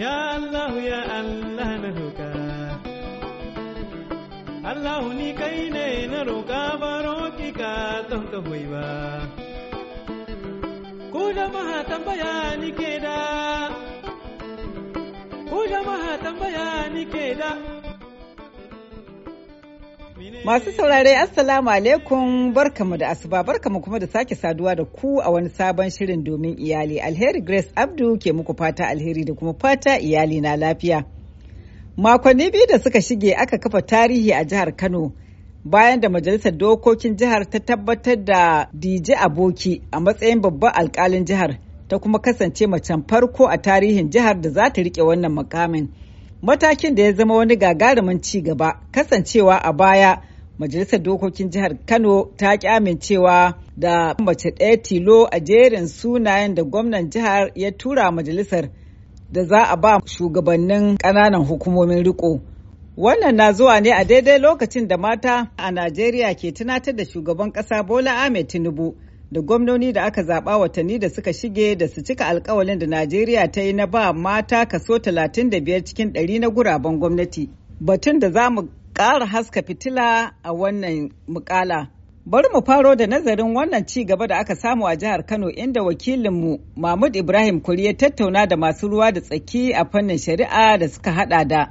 Ya alahu ya Allah na roƙa Allah ni kai ne na roƙa baro ki ka don ka hoyi ba tambaya ni tambaya ni Masu saurare Assalamu alaikum barkamu da asuba barkamu kuma da sake saduwa da ku a wani sabon shirin domin iyali. Alheri Grace Abdu ke muku fata alheri da kuma fata iyali na lafiya. Makonni biyu da suka shige aka kafa tarihi a jihar Kano bayan da majalisar dokokin jihar ta tabbatar da DJ Aboki a matsayin babban alkalin jihar ta kuma kasance macen farko a tarihin jihar da za ta rike wannan mukamin. matakin da ya zama wani gagarumin ci gaba kasancewa a baya majalisar dokokin jihar kano ta ki amincewa da mace ɗaya tilo a jerin sunayen da gwamnan jihar ya tura majalisar da za a ba shugabannin ƙananan hukumomin riko wannan na zuwa ne a daidai lokacin da mata a najeriya ke tunatar da shugaban ƙasa bola ahmed tinubu da gwamnoni da aka zaɓa watanni da suka shige da su cika alkawalin da Najeriya ta yi na ba mata kaso 35 cikin 100 na guraben gwamnati. Batun da za mu ƙara haska fitila a wannan mukala. Bari mu faro da nazarin wannan ci gaba da aka samu a jihar Kano inda wakilinmu Mahmud Ibrahim Kuri ya tattauna da masu ruwa da tsaki a fannin shari'a da suka hada da.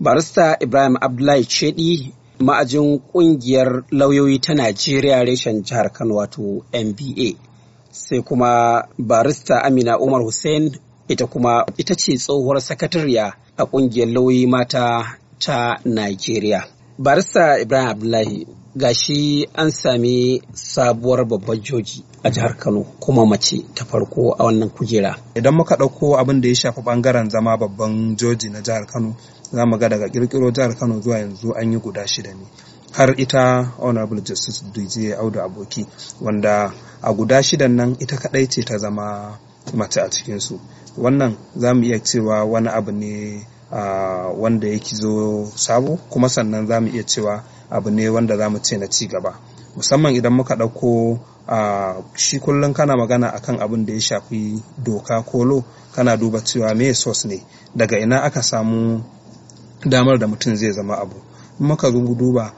Barista Ibrahim Abdullahi Shedi ma'ajin kungiyar lauyoyi ta Najeriya reshen jihar Kano wato MBA. Sai kuma barista Amina Umar Hussein ita kuma ita ce tsohuwar sakatariya a kungiyar lauyoyi mata ta Najeriya. Barista Ibrahim Abdullahi gashi an sami sabuwar babban joji a jihar Kano kuma mace ta farko a wannan kujera. Idan muka ɗauko abin da ya shafi bangaren zama babban joji na jihar Kano za mu ga daga kirkiro jihar kano zuwa yanzu an yi guda shida ne har ita honorable justice duje audu aboki wanda a guda shidan nan ita kadai ce ta zama mace a cikinsu wannan za mu iya cewa wani abu ne wanda yake zo sabo kuma sannan za mu iya cewa abu ne wanda za mu ce na ci gaba musamman idan muka ɗauko a shi kullum kana magana a kan abin da ya shafi doka kolo kana duba cewa me sos ne daga ina aka samu damar da mutum zai zama abu maka duba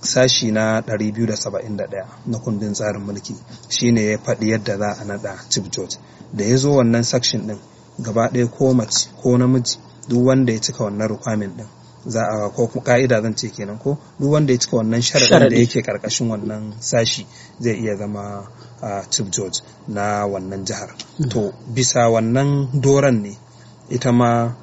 sashi na 271 na kundin tsarin mulki shine ya faɗi yadda za a naɗa chief judge da ya zo wannan section din gaba ɗaya ko mace ko namiji duk wanda ya cika wannan requirement ɗin za a ko ka'ida zan ce kenan ko duk wanda ya cika wannan sharadin da yake karkashin wannan sashi zai iya zama chief judge na wannan jihar hmm. to bisa wannan doron ne ita ma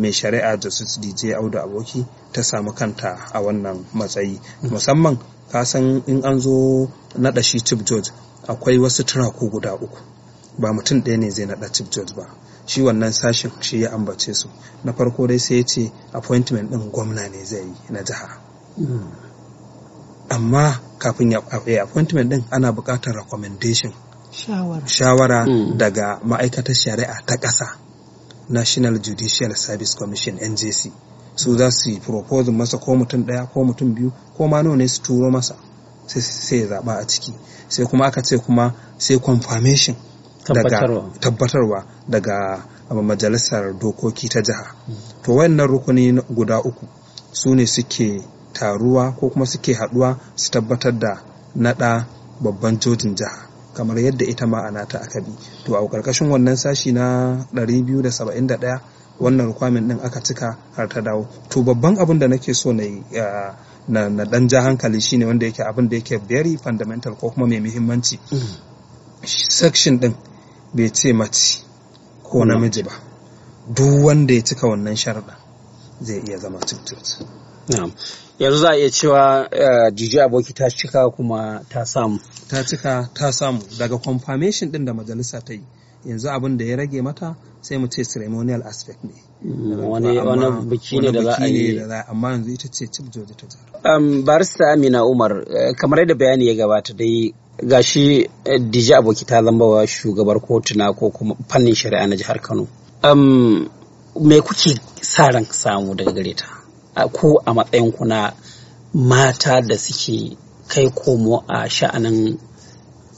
mai shari'a justice dj audu aboki ta samu kanta a wannan matsayi musamman ka san in an zo naɗa shi chief george akwai wasu turako guda uku ba mutum ɗaya ne zai naɗa chief george ba shi wannan sashen shi ya ambace su na farko dai sai ya ce appointment ɗin gwamna ne zai yi na jiha amma kafin ya eh, appointment ɗin ana buƙatar recommendation shawara hmm. daga ma'aikatar shari'a ta ƙasa national judicial service commission njc su za su yi proposal masa ko mutum ɗaya ko mutum biyu ko ma nawa ne su turo masa sai sai zaɓa a ciki sai kuma aka ce kuma sai confirmation daga tabbatarwa daga uh, majalisar dokoki ta jiha to wayannan rukuni guda uku su ne suke taruwa ko kuma suke haɗuwa su tabbatar da naɗa babban jojin jiha kamar yadda ita ma ana ta aka bi to a karkashin wannan sashi na 271 wannan requirement din aka cika har ta dawo to babban abin da nake so na na, dan ja hankali shine wanda yake abin da yake very fundamental ko kuma mai muhimmanci section din bai ce mace ko namiji ba duk wanda ya cika wannan sharda zai iya zama tutut yanzu za a iya cewa eh, jiji aboki ta cika kuma ta samu ta cika ta samu daga confirmation din da majalisa ta yi yanzu abin da ya rage mata sai mu ce ceremonial aspect ne mm, wani biki ne da za a yi amma yanzu ita ce chief joji ta barista amina umar eh, kamar yadda bayani ya gabata dai gashi dija eh, aboki ta wa shugabar kotuna ko kuma fannin shari'a na jihar kano me kuke sa ran samu daga gareta? ku a matsayin ku na mata da suke kai komo a sha'anin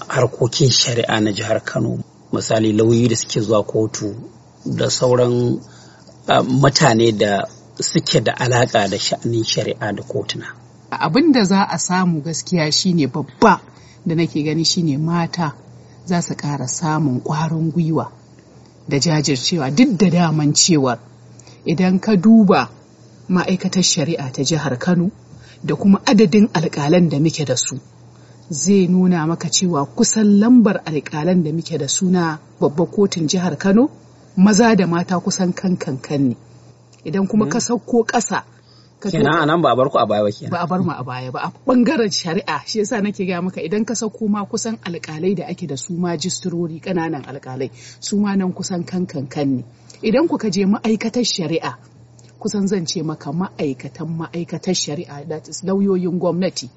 harkokin shari'a na jihar Kano misali lauyi da suke zuwa kotu da sauran ah, mutane da suke da alaƙa da sha'anin shari'a da kotuna. Abin da za a samu gaskiya shine babba da nake gani shine mata za su kara samun kwarin gwiwa da jajircewa duk da daman cewa idan ka duba ma'aikatar shari'a ta jihar Kano da kuma adadin alƙalan da muke da su zai nuna maka cewa kusan lambar alƙalan da muke da suna babbar kotun jihar Kano maza da mata kusan kan kan ne idan kuma ka hmm. sauko ƙasa kenan anan ba a bar ku a baya ba kenan ba a bar mu a baya ba a bangaren shari'a shi yasa nake ga maka idan ka sauko ma kusan alƙalai da ake da su ma jistirori ƙananan alƙalai su ma nan kusan kan kan ne idan kuka je ma'aikatar shari'a kusan zan ce maka ma'aikatan ma'aikatar shari'a that is lauyoyin gwamnati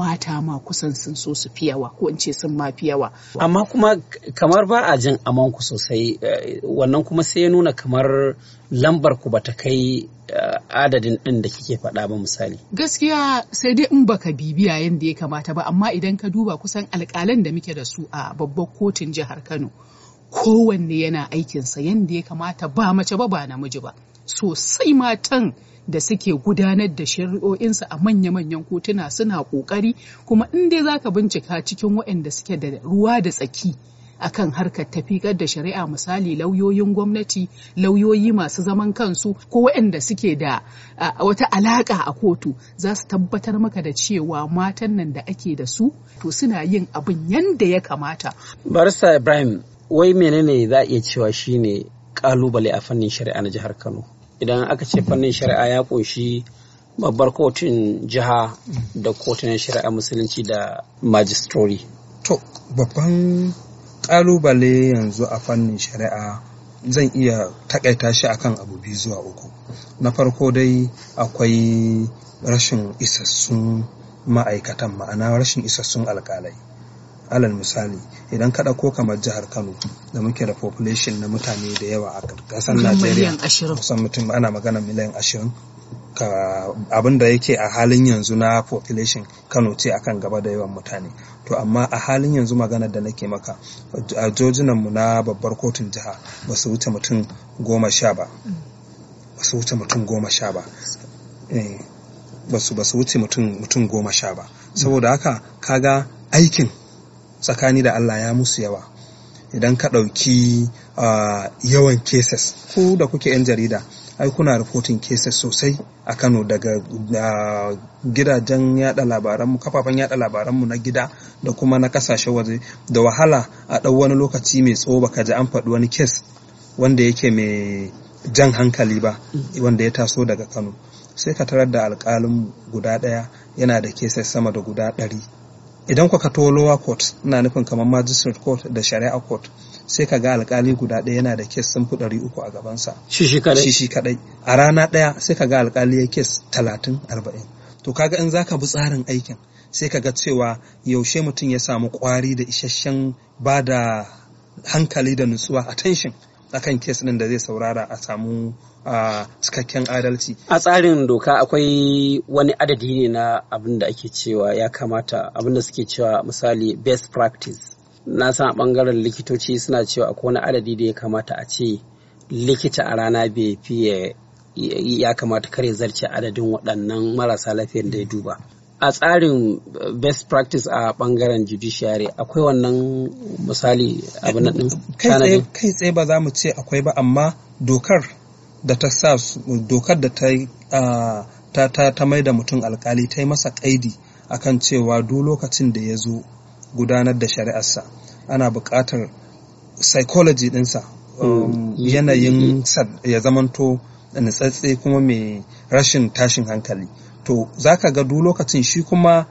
mata ma kusan sun so su fi yawa ko in ce sun ma fi yawa amma kuma kamar ba a jin aman ku sosai eh, wannan kuma sai ya nuna kamar lambar ku bata kai eh, adadin din da kike faɗa ba misali gaskiya sai dai in baka bibiya yadda ya kamata ba amma idan ka duba kusan alƙalan da muke da su a babbar kotun jihar Kano kowanne yana aikinsa yadda ya kamata ba mace ba ba namiji ba sosai matan da suke gudanar da shari'o'insu a manya-manyan kotuna suna ƙoƙari kuma in dai za ka bincika cikin waɗanda suke da ruwa da tsaki akan harkar tafiƙar da shari'a misali lauyoyin gwamnati lauyoyi masu zaman kansu ko waɗanda suke da wata alaƙa a kotu za su tabbatar maka da cewa matan nan da ake da su to suna yin abin yadda ya kamata barista ibrahim wai menene za a iya cewa shine kalubale a fannin shari'a na jihar Kano idan aka ce fannin shari'a ya kunshi babbar kotun jiha da kotunan shari'a musulunci da majistori? to babban kalubale yanzu a fannin shari'a zan iya takaita shi akan abu biyu zuwa uku na farko dai akwai rashin isassun ma'aikatan ma'ana rashin isassun alkalai alal misali idan ka ɗauko kamar jihar kano da muke da population na mutane da yawa a ƙasar najeriya kusan mutum ana magana miliyan ashirin abin da yake a halin yanzu na population kano ce akan gaba da yawan mutane to amma a halin yanzu magana da nake maka a mu na babbar kotun jiha ba su wuce mutum goma sha ba ba su wuce mutum goma sha ba eh, ba su wuce mutum goma sha ba saboda haka kaga aikin tsakani da Allah ya musu yawa idan ka ɗauki ah, yawan cases ku da kuke 'yan jarida ai kuna reporting cases sosai a kano daga ah, gidajen yada labaranmu kafafen yada labaranmu na gida da kuma na kasashe waje da wahala a ɗau wani lokaci mai tsoho baka ji an faɗi wani case wanda yake mai jan hankali ba wanda ya taso daga kano sai ka tarar da alƙalin guda ɗaya yana da cases sama da guda ɗari idan kuka to lower court ina nufin kamar magistrate court da shari'a court sai ka ga alkali guda ɗaya yana da kes sun fi ɗari uku a gabansa shi shi shi a rana ɗaya sai ka ga alkali ya kes talatin arba'in to kaga in za ka bi tsarin aikin sai ka ga cewa yaushe mutum ya samu kwari da isasshen ba da hankali da nutsuwa a attention akan kes ɗin da zai saurara a samu cikakken adalci a tsarin doka akwai wani adadi ne na abin da ake cewa ya kamata abin da suke cewa misali best practice na san bangaren likitoci suna cewa akwai wani adadi da ya kamata a ce likita a rana bai fiye ya kamata kare zarce adadin waɗannan marasa lafiyar da ya duba a tsarin best practice a bangaren judiciary akwai wannan misali abin nan kai tsaye ba za mu ce akwai ba amma dokar da ta sa dokar da ta ta ta ta mai da mutum alkali ta yi masa kaidi akan cewa duk lokacin da ya zo gudanar da shari'arsa ana buƙatar psychology ɗinsa um, mm. yanayin mm. ya zamanto nutsatse kuma mai rashin tashin hankali to zaka ga duk lokacin shi kuma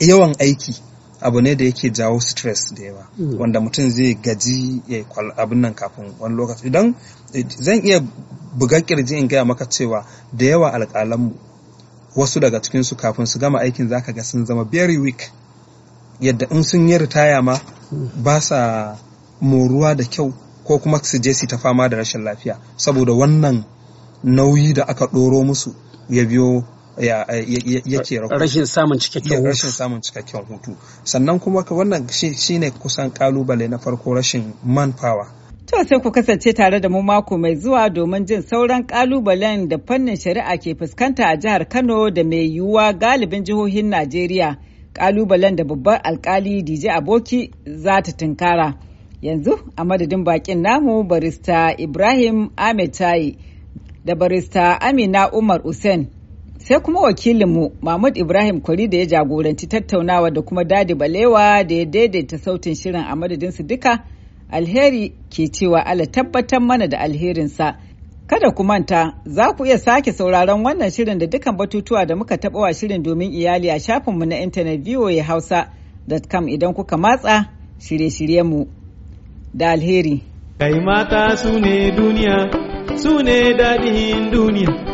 yawan aiki abu ne da yake jawo stress da yawa mm. wanda mutum zai gaji ya abin nan kafin wani lokaci idan zan iya buga kirji in gaya maka cewa da yawa alƙalanmu wasu daga cikinsu kafin su gama aikin zaka ga sun zama very weak yadda in sun yi ritaya ma mm. ba sa moruwa da kyau ko kuma su je su ta fama da rashin lafiya saboda wannan nauyi da aka ɗoro musu ya biyo ya rashin samun cikakken hutu hutu sannan kuma wannan shine kusan kalubale na farko rashin manpower To sai ku kasance tare da mu mako mai zuwa domin jin sauran kalubalen da fannin shari'a ke fuskanta a jihar Kano da mai yiwuwa galibin jihohin Najeriya. Kalubalen da babbar alkali DJ Aboki za ta tunkara. Yanzu a madadin bakin namu barista Ibrahim Ahmed da barista Amina Umar Hussein sai kuma wakilinmu mahmud ibrahim kwari da ya jagoranci tattaunawa da kuma dadi balewa da ya daidaita sautin shirin a madadinsu duka alheri ke cewa ala tabbatar mana da alherinsa kada ku manta za ku iya sake sauraron wannan shirin da dukan batutuwa da muka taɓa wa shirin domin iyali a shafinmu na intanet voa hausa.com idan kuka matsa shirye-shiryenmu da alheri kai mata duniya su ne duniya